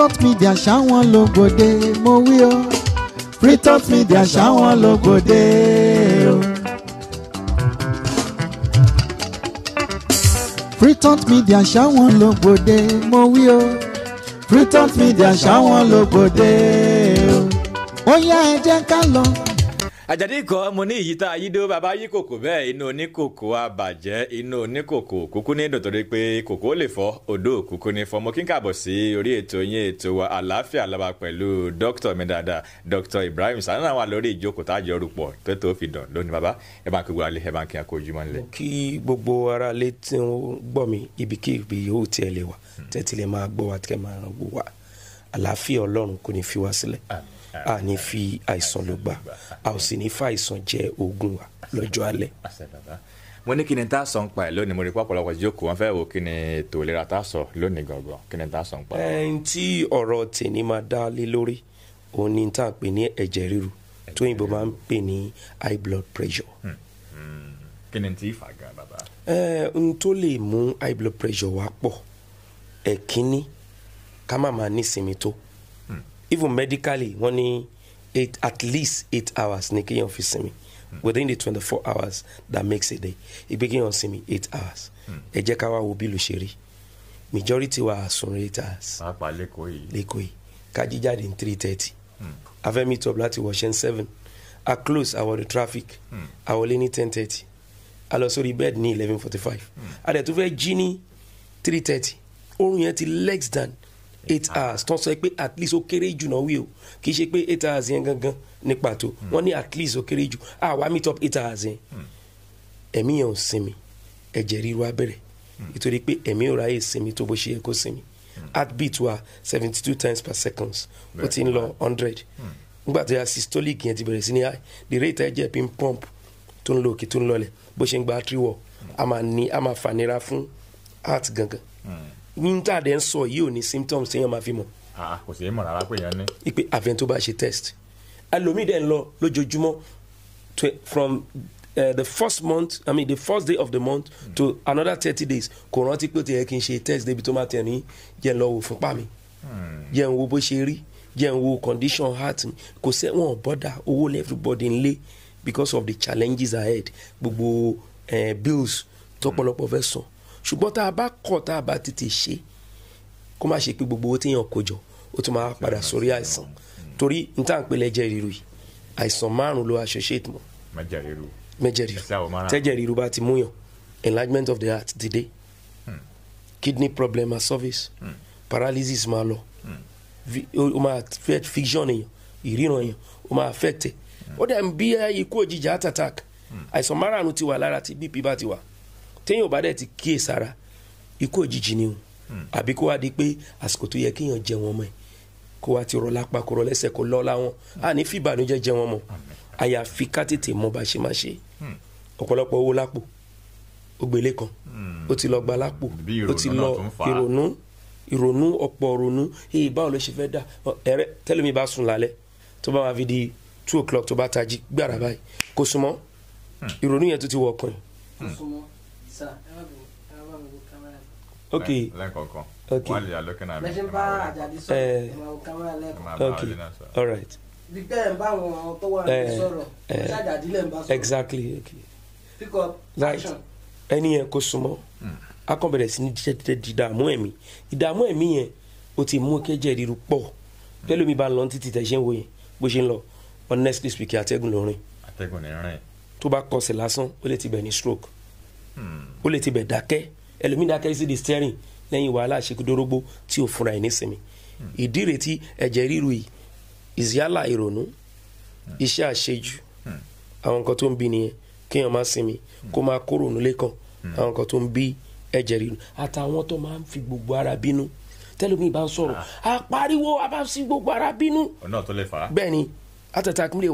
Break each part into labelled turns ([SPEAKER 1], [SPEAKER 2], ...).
[SPEAKER 1] freetop media ṣáwọn lògbòde mo wí o freetop media ṣáwọn lògbòde
[SPEAKER 2] o.
[SPEAKER 3] freetop media ṣáwọn lògbòde mo wí o freetop media ṣáwọn lògbòde o. ó yá ẹ jẹ́ ká lọ àjàdí
[SPEAKER 2] ikọ̀ mo ní ìyíta ayídó bàbá yí kòkò bẹ́ẹ̀ inú oníkòkò àbàjẹ́ inú oníkòkò kúkú ní dòtòrí pé kòkó lè fọ́ odò kúkú ní fọ́ mo kí n kàbọ̀ sí orí ètò yín ètò wa àlàáfíà lọ́ba pẹ̀lú dókítà mi dáadáa dókítà Ibrahim Sani náà wà lórí ìjókòó tájọ rúpọ̀ tó tó fi dàn lónìí bàbá ẹ bá ń kí gbogbo alẹ́ ẹ bá ń kí akó ojúmọ́ nílẹ̀.
[SPEAKER 3] kí gbogbo ara lè tí gbọ́ mi a ní fi àìsàn ló gbà a ò sì ní fa àìsàn jẹ oògùn wa lọ́jọ́ alẹ́.
[SPEAKER 2] mo ní kí ni tá a sọ ń pa ẹ lónìí mo rí pọ̀ ọ̀pọ̀lọpọ̀ jókòó wọn fẹ́ wò kí ni ètò ìlera tá a sọ lónìí gangan kí ni tá a sọ ń pa. ẹ
[SPEAKER 3] tí ọ̀rọ̀ tèmi máa dá lé lórí òun ni tá a pè ní ẹ̀jẹ̀ ríru tó òyìnbó máa ń pè ní high blood pressure. Hmm,
[SPEAKER 2] hmm. kí ni tí ìfà gan bàbá.
[SPEAKER 3] ẹ n tó lè mú high blood pressure wá pọ̀ ẹ̀kínní ká má máa nísinmi tó. Mm even medically wọ́n ní eight at least eight hours ní kéèyàn fi simi within the twenty four hours that makes a day begin on simi eight hours ẹ jẹ́ ká wá wo bí ló majority wa sun eight hours. pàápàá lẹ́kọ̀ọ́ yìí. lẹ́kọ̀ọ́ yìí ká jíjáde ní three thirty afẹ́ meet láti seven I close our the traffic I lé ní ten thirty I lọ sórí bed ní eleven forty five I dẹ̀ to fẹ́ jini three thirty Orun yẹn ti legs down eight hours tó sọ pé at least ó kéré jù náà wí o kì í ṣe pé eight hours yẹn gangan ní pàtó hmm. wọ́n ní at least ó kéré jù àwa meet up eight hours yẹn hmm. ẹ̀mí yẹn ò sinmi ẹ̀jẹ̀ ríru abẹ́rẹ́ hmm. nítorí pé ẹ̀mí ò ráyè sinmi tó bó ṣe yẹ kó sinmi heartbeat wa seventy two times per second ó ti ń lọ hundred nígbà tó yà systolic yẹn ti bẹ̀rẹ̀ sí ní high the rate ẹ̀jẹ̀ pin pump tó ń lọ òkè tó ń lọlẹ̀ bó ṣe ń gba artery wall a máa ní a máa fànira fún heart gangan níntàdé ń sọ yìí ò ní symptoms téèyàn máa fi mọ̀. kò sí mọ̀ rárá pé ní. ipe àfẹn tó bá ṣe test ẹlòmíì dẹ̀ ń lọ lójoojúmọ́ from uh, the first month i mean the first day of the month mm. to another thirty days kò rántí pé ó ti yẹ kí n ṣe test débi tó máa tẹ̀ ní jẹ́ ń lọ wò fúnpá mi
[SPEAKER 1] hmm.
[SPEAKER 3] jẹ́ ń wo bó ṣe rí jẹ́ ń wo condition heart mi kò sẹ́wọ̀n bọ́dà owó everybody ń lé because of the challenges ahead gbogbo uh, bills tọ́pọ̀lọpọ̀ fẹ́ sàn. So ṣùgbọ́n tá a bá kọ̀ tá a bá tètè ṣe kó má ṣe pé gbogbo owó téèyàn kó jọ ó tún máa padà sórí àìsàn torí n tá à pè lẹ́jẹ̀ ríru yìí àìsàn márùn ló associate mọ́ mẹ́jẹ̀ ríru tẹ́jẹ̀ ríru bá ti múyàn enlargement of the heart dìde hmm. kidney problem at service hmm. paralysis máa lọ hmm. ó máa affect vision èèyàn ìríran èèyàn ó máa affect ẹ̀ ó dẹ̀ ń bí ikú òjijì heart attack àìsàn márùn ti wà lára tí bp bá ti wà téèyàn bá dẹ̀ ti kíyè sára ikú òjijì ni o hmm. àbí kó wá di pé àsìkò tó yẹ kéèyàn jẹ wọn mọ́ ẹ̀ kó wá ti rọ lápá kó rọ lẹ́sẹ̀ kó lọ́la wọn a ní fìbànújẹ́ jẹ wọn mọ́ àyàfi ká tètè mọ bá ṣe máa ṣe hmm. ọ̀pọ̀lọpọ̀ owó lápò ó kan hmm. ó ti lọ gba lápò ó ti lọ ìrònú ìrònú ọ̀pọ̀ ìrònú èyí báwo ló ṣe fẹ́ dà ẹ̀rẹ́ tẹ́lẹ̀mí bá sùn lálẹ́ tó bá wà fi di two o'clock tó bá tají gbàrà báyìí kò súnmọ́ ìrònú yẹn tó ti wọ̀ ọkàn yìí Sir, okay. lẹ́kọ̀ọ̀kan okay. while you are looking at me. okay all right. gbígbẹ́ ẹ̀ eh, eh. exactly okay. right. action. ẹni yẹn kò súnmọ́ hmm. a sí ní dídẹ́ dídààmú ẹ̀mí ìdààmú ẹ̀mí yẹn o ti mú kẹ́jẹ́ ríru pọ̀ pẹ́lú hmm. mi bá ń lọ títí tẹ̀ wo yẹn bó ṣe ń lọ honestly speaking atẹ́gùn ló rìn. atẹ́gùn ló rìn. tó bá kọsẹ̀ lásán ó lè ti bẹ̀ ní stroke ó lè ti bẹ̀ dákẹ́ ẹlòmíì dákẹ́ sí di steering lẹ́yìn wàhálà àṣekúdórógbó tí ò fúnra ẹ̀ nísìmí ìdí ìrètí ẹ̀jẹ̀ ríru yìí ìzíálà ìrònú iṣẹ́ àṣejù àwọn nǹkan tó ń bí nìyẹn kéèyàn má sinmi kó máa kó rònú lẹ́kàn àwọn nǹkan tó ń bí ẹ̀jẹ̀ ríru àtàwọn tó máa ń fi gbogbo ara bínú tẹlifíì bá ń sọ̀rọ̀ a pariwo gbogbo ara bínú. ọ̀nà tó lè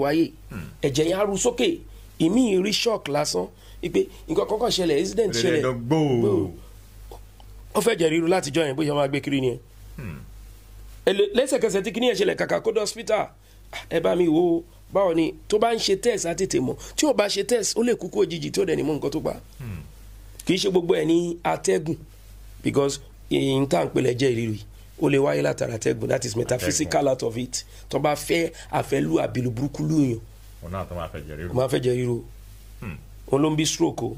[SPEAKER 3] wáyé hmm. ẹ̀jẹ̀ yẹn á ru sókè ìmí rí shock lásán wípé nǹkan kọ́kọ́ ṣẹlẹ̀ incident ṣẹlẹ̀ ó fẹ́ jẹ́ ríru láti jọ yẹn bóyá máa gbé kiri ni ẹ hmm. lẹ́sẹ̀kẹsẹ̀ tí kíní yẹn ṣẹlẹ̀ kàkà kó dé hospital ah, ẹ bá mi wò ó báwo ni tó bá ń ṣe test á tètè mọ̀ tí ò bá ṣe test ó lè kú kó òjijì tó dẹ̀ ní mú nǹkan tó pa hmm. kì í ṣe gbogbo ẹ̀ ní atẹ́gùn because ìyìn tá à ń pèlẹ̀ jẹ́ ìrírí ó lè wáyé látara atẹ́gùn that is metaphysical out of it tó bá fẹ́ àfẹ́lú àbèlú burúkú lóyún òun náà tó máa fẹ̀jẹ̀ ríru. máa fẹ̀jẹ̀ ríru hmm. òun ló ń bí stroke o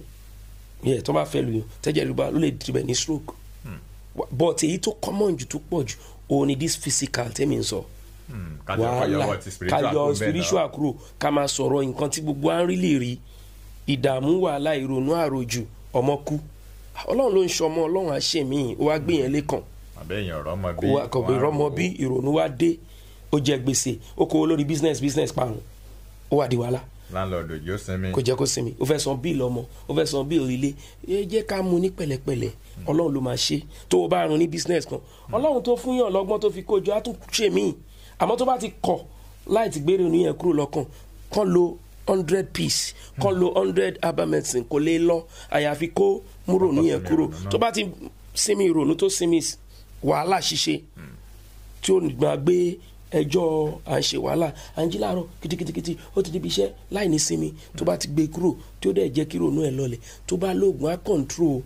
[SPEAKER 3] yẹ tó bá fẹ́ lu tẹ́jẹ̀ ríru bá ló lè dìbẹ̀ ní stroke hmm. but èyí tó common jù tó pọ̀ jù òun ni this physical tẹ́mi ń sọ
[SPEAKER 1] hmm. wàhálà kayọ spiritual
[SPEAKER 3] kúrò ká máa sọ̀rọ̀ nǹkan tí gbogbo à ń rí lè rí ìdààmú wàhálà ìrònú àròjù ọmọ kú ọlọ́run ló ń ṣọmọ ọlọ́run àṣẹ mi ó wá gbé yẹn lẹ́kàn
[SPEAKER 2] kò wá kọ̀bẹ̀ rọmọ bí
[SPEAKER 3] ìrònú wá dé ó jẹ gbèsè ó kó lórí business business parun ó wà di wàhálà
[SPEAKER 2] láńlọ́ọ̀dù yóò sinmi. kò
[SPEAKER 3] jẹ́ kó sinmi o fẹ́ san bíìlì ọmọ o fẹ́ san bíìlì ilé ẹ jẹ́ ká mú ní pẹ̀lẹ́pẹ̀lẹ́ hmm. ọlọ́run ló máa ṣe tó o bá run ní business kan hmm. ọlọ́run tó fún yàn lọ́gbọ́n tó fi kójú á tún ṣe míì àmọ́ tó bá ti kọ̀ láì ti gbére oníyẹn kúrò lọ́kàn kán lo hundred piece hmm. kán lo hundred herbal medicine kò lè lọ àyàfi kó múrò oníyẹn kúrò tó bá ti sinmi ìrònú tó sinmi wàhálà ṣíṣe tí ó ẹjọ́ à ń ṣe wàhálà à ń jí láàárọ̀ kìtìkìtìkìtì ó ti débi iṣẹ́ láì ní sinmi tó bá ti gbé e kúrò tí ó dẹ̀ jẹ́ kí ronú ẹ̀ lọlẹ̀ tó bá lóògùn á control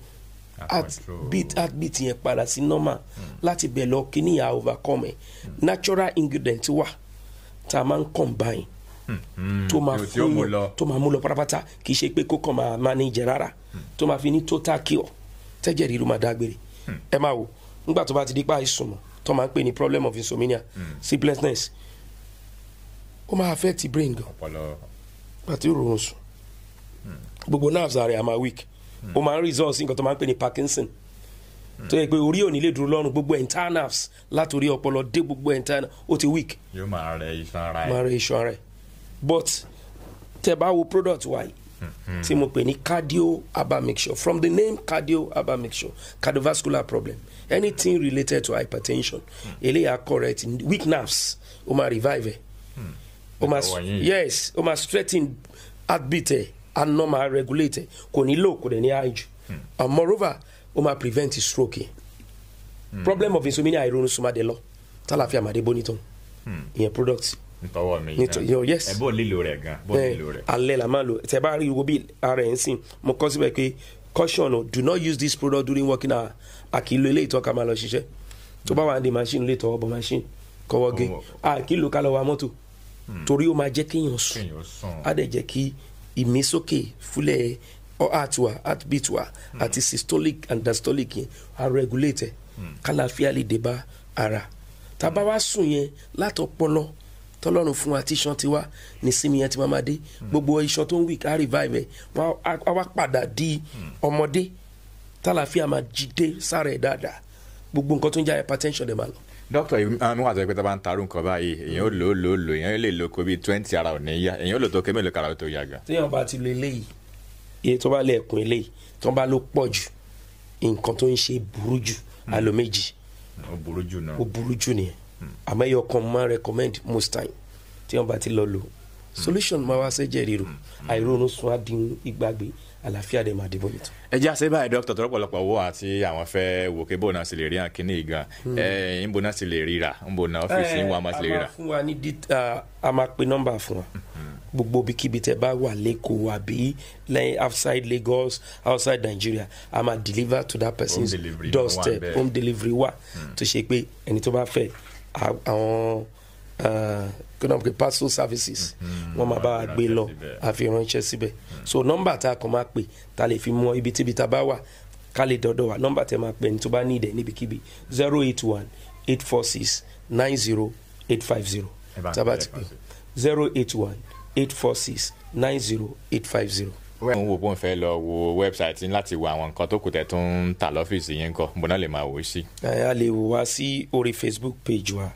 [SPEAKER 3] at heartbeat yẹn padà sí normal hmm. láti bẹ̀ lọ kí ni ìyá overcome ẹ̀ hmm. natural ingredient wà tá a máa ń combine
[SPEAKER 1] hmm, tó máa fún yàn
[SPEAKER 3] tó máa mú lọ pátápátá kì í ṣe pé kókàn máa manage rárá tó máa fi ní total cure tẹ́jẹ̀ ríru máa dágbére ẹ máa wò nígbà tó bá ti di pa àìsùn mọ́ tó máa ń pè ní problem of insomnia hmm. sleeplessness ó máa affect brain gan pàtí ó rọrùn sùn hmm. gbogbo nerves ààrẹ àmà weak hmm. ó máa ń result sí nǹkan tó máa ń pè ní Parkinson tó yẹ pé orí ò ní lè dúró lọ́rùn gbogbo entire nerves látòrí ọpọlọ dé gbogbo entire ó ti weak. yóò máa rẹ iṣan ara ẹ máa rẹ but tẹ bá wo product wa tí mo pè ní cardio herbal mixture from the name cardio herbal mixture cardiovascular problem anything related to hypertension hmm. eléyà correct weak nerves ó máa revive ẹ hmm. ó yes ó máa strengthen heartbeat ẹ and normal regulate ẹ kò ní low kò dẹ̀ ní high jù hmm. and moreover ó máa prevent stroke ẹ problem of insomnia àìrónú súnmọ́ adé lọ tálàfíà màdé bonitan ìyẹn product ntọwọ mi yẹn yes ẹ bọ lílo rẹ gan bọ eh, lílo rẹ. alẹ́ la máa lò tẹ bá rí wo bí ara ẹ̀ ń sìn mo kọ́ síbẹ̀ pé caution o do not use this product during working hour àkìlò eléyìí tó ká máa lọ ṣiṣẹ́ tó bá wà ní machine lè tọwọ́ bọ̀ machine kọ́wọ́ gé àkìlò ká lọ wa mọ́tò hmm. torí ó máa jẹ́ kéèyàn sùn á dẹ̀ jẹ́ kí ìmísókè fúlẹ̀ heart wa heartbeat wa hmm. àti systolic and diastolic yẹn á regulate ẹ̀ hmm. kálàfíà lè dé bá ara tá a bá wá sùn yẹn látọpọlọ tọ́lọ́run fún wa tí iṣan ti wá ní sinmi yẹn ti máa máa dé gbogbo iṣan tó ń wí ká revive ẹ̀ wọ́n á padà di ọmọdé tálàfíà máa jíde sára ẹ̀ dáadáa gbogbo nǹkan tó ń jẹ́ hypertension dẹ̀ máa lọ dókítà yìí àwọn àti ẹgbẹ́ tó
[SPEAKER 2] bá ń tarú nǹkan báyìí èèyàn ó lò ó lò ó lò èèyàn lè lò kó bíi twenty ara ò ní yá èèyàn ó lò tó ké mélòó kára tó yá
[SPEAKER 3] gan. téèyàn bá ti lo eléyìí iye tó bá lè kún eléyìí tó bá ló pọ̀ jù nǹkan tó ń ṣe burú jù alo méjì. ó burú jù náà ó burú jù nìyẹn àmọ́ ẹyọ kan máa recommend most time tí wọ́n bá ti lọ lò solution máa wá sẹ́jẹ̀ ríro àìrónú sun adìhun ìgbàgbé àlàáfíà dẹ̀ máa dìbò nìtàn.
[SPEAKER 2] ẹ jẹ́ àṣẹ báyìí dókítà tó rọ́pọ̀lọpọ̀ owó àti àwọn fẹ́ wò kébò náà sì lè rí àkíní ìga hmm. ẹ ńbò náà sì lè ríra ńbò náà ọ́fíìsì ń wà máa sì lè ríra. a máa
[SPEAKER 3] fún wa ní dítà a máa pe nọ́mbà fún wa hmm. gbogbo ibikíbi tẹ bá wà lẹ́kọ̀ọ́ àbí lẹ́yìn outside Lagos outside Nigeria a máa deliver to that person's doorstep home delivery wa hmm. to ṣe pé ẹni tó bá fẹ́ àwọn gbọ́dọ̀ pé postal services mm-hmm. wọ́n máa bá wa gbé lọ àfi ránṣẹ́ síbẹ̀ so nọ́mbà tá a kàn máa pè tá a lè fi mọ ibikíbi tá a bá wà ká lè dọ́dọ̀ wa nọ́mbà tẹ́ máa pè ní tó bá ní ìdẹ̀ níbikíbi zero eight one eight four six nine zero eight five zero tá ti pè zero eight one eight four six nine zero eight five
[SPEAKER 2] zero wẹ́n wò pọ́n fẹ́ lọ wo wẹ́bsáìtì láti wo àwọn nǹkan tó kù tẹ̀ tó ń tà lọ́fíìsì yẹn kọ́ bọ́nà lè máa wò ó sí.
[SPEAKER 3] a lè wò wá sí orí facebook page wa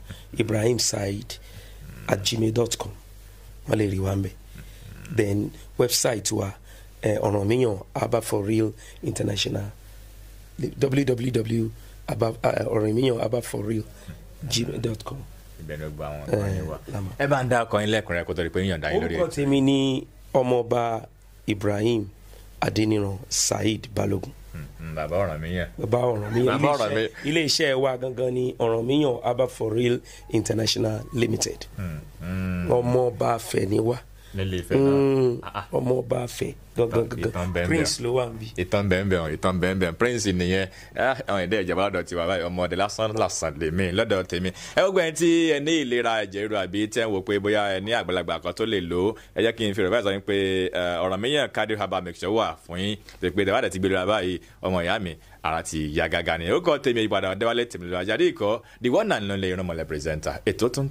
[SPEAKER 3] ibrahim saheed at gmail dot com wọ́n lè rí wa ń bẹ̀ then website wa ọ̀rànmíyàn abba for real international www ọ̀rànmíyàn abba for real gmail dot com.
[SPEAKER 2] ìbẹ̀rù gba àwọn ọ̀rọ̀ yẹn wa
[SPEAKER 3] ẹ bá ń dá ọkọ̀ yín lẹ́kùnrin kó tó di pé yíyàn dá yín lórí ẹ̀. orúkọ tèmi ni ọmọọba ibrahim adeniran saheed balogun. Hmm, bàbá ọ̀ràn mi yẹn. bàbá ọ̀ràn mi yẹn ilé iṣẹ́ wa gangan ni ọ̀ràn mi yàn abba for real international limited. Hmm, hmm. ọmọ ọba afẹ ni Mm, mm nílé Ifẹ̀ náà hmm. ah, ah. ọmọ ọba Ifẹ̀ gangan prince
[SPEAKER 2] ló wà níbí. itan bẹ́ẹ̀nbẹ́ẹ̀ ọ̀hún ìtàn bẹ́ẹ̀nbẹ́ẹ̀ prince nìyẹn ah, ọ̀hún ìdẹ́ ìjọba ọ̀dọ̀ tiwa báyìí ọmọ ọ̀dẹ lásán làṣà lèmi lọ́dọ̀ tèmi. ẹ gbogbo ẹni tí ẹ ní ìlera ẹ̀jẹ̀ ríru àbí tẹ́ ń wò pé bóyá ẹ ní àgbàlagbà kan tó lè lò ó ẹ jẹ́ kí n fi rẹ̀ báyìí sọ pé Ọ̀rànmíyàn cardio herbal mixture wà fún yín pé pé dàbàdà ti gbé lóra báyìí ọmọ ìyá mi ara ti ya gàgà ni ó kọ́ tèmi Ìbàdàn Adéwálé tèmi lọ́wọ́ the one and only ìrànmọ́lẹ̀ presenter ètò tó ń